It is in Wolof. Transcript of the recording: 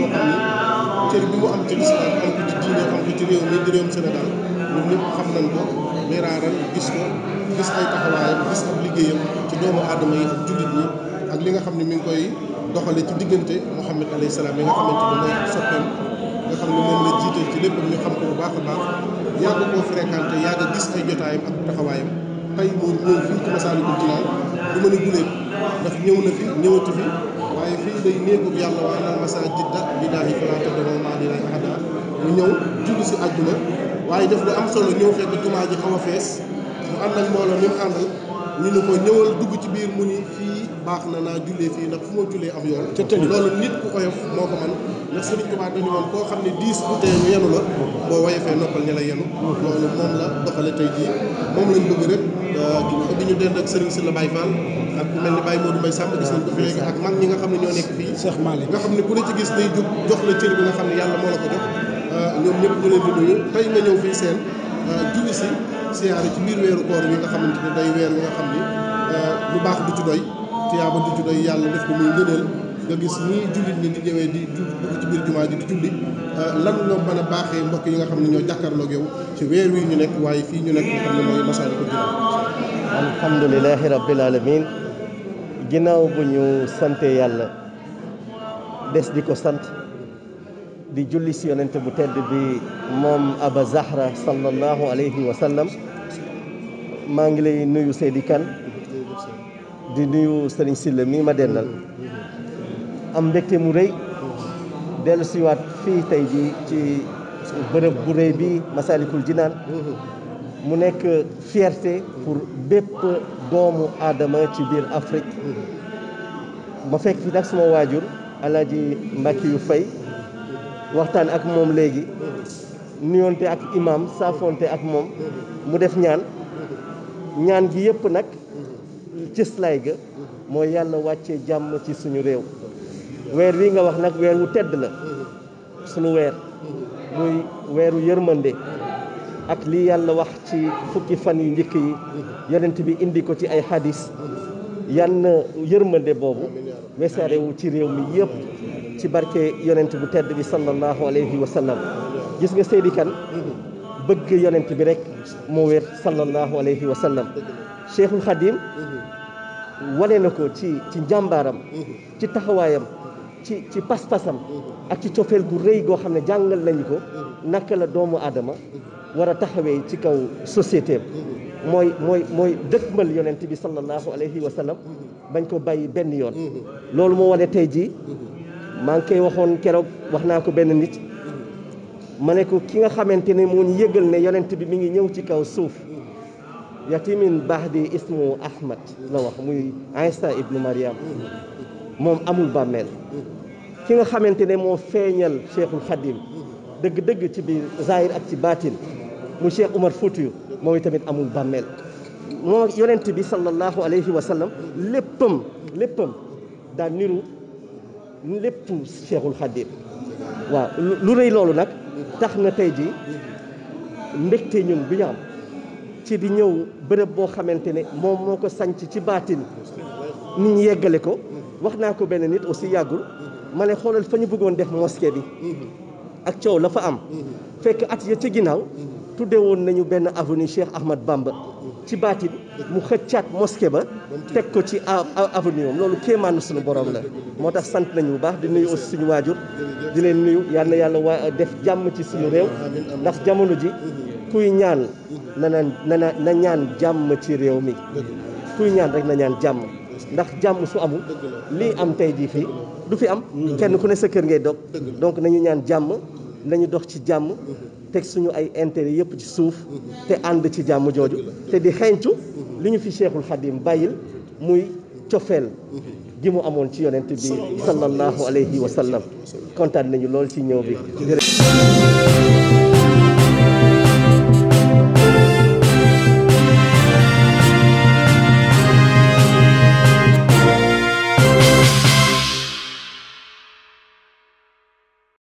ñoo xam ni cër bi mu am ci lislaam am ko ci diine am ko ci réew mi di réewum Sénégal ñun xam nañ ko miraaral gis ko gis ay taxawaayam gis ab liggéeyam ci doomu aadama yi ak jullit ñi ak li nga xam ne mi ngi koy doxale ci diggante Muhammad alayhi salaam yi nga xamante ni mooy soppeem nga xam ne moom la jiital ci lépp ñu xam ko bu baax a baax yàgg koo fréquenté yàgg gis ay jotaayam ak taxawaayam tey moo ñëw fii ci Masaalikul Jinaan du ma ne guléet waaye fii day néegub yàlla waaye nal masaajida billaahi falaa tad'uu ma'a llaahi ahadaa mu ñëw julli si àjjuma waaye def lu am solo ñëw fekk jumaa ji xaw a fees mu ànd ak mbooloo mi mu àndal ñu ko ñëwal dugg ci biir mu ni fii baax na naa jullee fii ndax fu ma jullee am yoon ca tëj loolu nit ku oyof moo ko man ndax Sëriñ Tuubaa dañu woon koo xam ne diis bu tee ñu yenu boo woyofee noppal ñu la yenu loolu moom la doxale tey moom lañ bëgg rek euh, di ñu dend ak Sëriñ Sylla Baye Fall ak ku mel ni Baye Modou Mbaye Samb gis ak mag ñi nga xam ne ñoo nekk fii Cheikh Malick nga xam ne ku gis day jub jox la xam ne yàlla euh, ñëpp ñu leen ñëw fii seen euh, julli si siyaare ci biir weeru koor yi nga xamante ne day weer wi nga xam ni lu baax du ci doy tiyaaba di ju yàlla def ko muy ngëneel nga gis nii jullit ñi di ñëwee di jumaa ji di julli euh, lan nga mën a baaxee mbokk yi nga xam ne ñoo jàkkaarloog yow ci weer wi ñu nekk waaye fii ñu nekk nga xam ne mooy Masaalikul Jinaan alhamdulilahi rabbil alamin ginnaaw bu ñu sante yàlla des di ko sant di julli si yonente bu tedd bi moom aba zahra sallallahu alayhi wa sallam maa ngi lay nuyu Seydi di nuyu Serigne Sylla mii ma dendal am mbégte mu rëy dellu siwaat fii tey jii ci bërëb bu rëy bi Massalikul Jinaan mu nekk fierté pour bépp doomu aadama ci biir Afrique ma fekk fi nag sama waajur Alaaji Mbàkke yu Fay waxtaan ak moom léegi nuyoonte ak imam saafonte ak moom mu def ñaan ñaan ji yëpp nag cëslaay ga mooy yàlla wàccee jàmm ci suñu réew weer wi nga wax nag weer wu tedd la suñu weer muy weeru yërmande ak li yàlla wax ci fukki fan yu njëkk yi yonent bi indi ko ci ay hadis yan yërmande boobu wesaare wu ci réew mi yëpp ci barke yonent bu tedd bi sallallahu alayhi wa sallam gis nga Seydi Kane bëgg yonent bi rek moo wér sallallahu alayhi wa sallam Cheikhul Khadim mm-hmm. wane na ko ci ci njàmbaaram mm-hmm. ci taxawaayam ci ci pas-pasam mm-hmm. ak ci cofeel gu rëy goo xam ne jàngal nañu ko naka la doomu aadama war a taxawee ci kaw société mooy mooy mooy mooy dëkkmal yonent bi sallallahu alayhi wa bañ ko bàyyi benn yoon loolu moo wane tey jii maa ngi koy waxoon keroog wax naa ko benn nit ma ne ki nga xamante ne moo ñu yëgal ne yonent bi mi ngi ñëw ci kaw suuf yatimin bahdi ismu ahmad la wax muy Isa ibnu Mariam moom amul bàmmeel ki nga xamante ne moo feeñal cheikhul Khadim dëgg-dëgg ci biir zahir ak ci baatin mu cheikh Umar Foutiyu moom itamit amul bàmmeel moom ak bi sallallahu alayhi wa sallam léppam léppam daan niru lépp cheikhul Khadim waaw lu rëy loolu nag tax na tey ji mbégte ñun bi ñu métier di ñëw bërëb boo xamante ne moom moo ko sanc ci baatin nit ñu yeggale ko wax naa ko benn nit aussi yàggul ma ne xoolal fa ñu bëggoon def mosquée bi ak coow la fa am fekk at ya ca ginnaaw tudde woon nañu benn avenue Cheikh Ahmad Bamba ci baatin mu xëccaat mosquée ba teg ko ci avenue moom loolu kéemaanu suñu borom la moo tax sant nañu bu baax di nuyu aussi suñu waajur di leen nuyu yàlla yàlla waa def jàmm ci suñu réew ndax jamono ji kuy ñaan na na ñaan jàmm ci réew mi kuy ñaan rek na ñaan jàmm ndax jàmm su amul lii am tey jii fii du fi am kenn ku ne sa kër ngay dog donc nañu ñaan jàmm nañu dox ci jàmm teg suñu ay intérêt yëpp ci suuf te ànd ci jàmm jooju te di xencu li ñu fi Cheikhul Khadim bàyyil muy cofeel gi mu amoon ci yonent bi sallallahu alayhi wa sallam kontaan nañu lool ci ñëw bi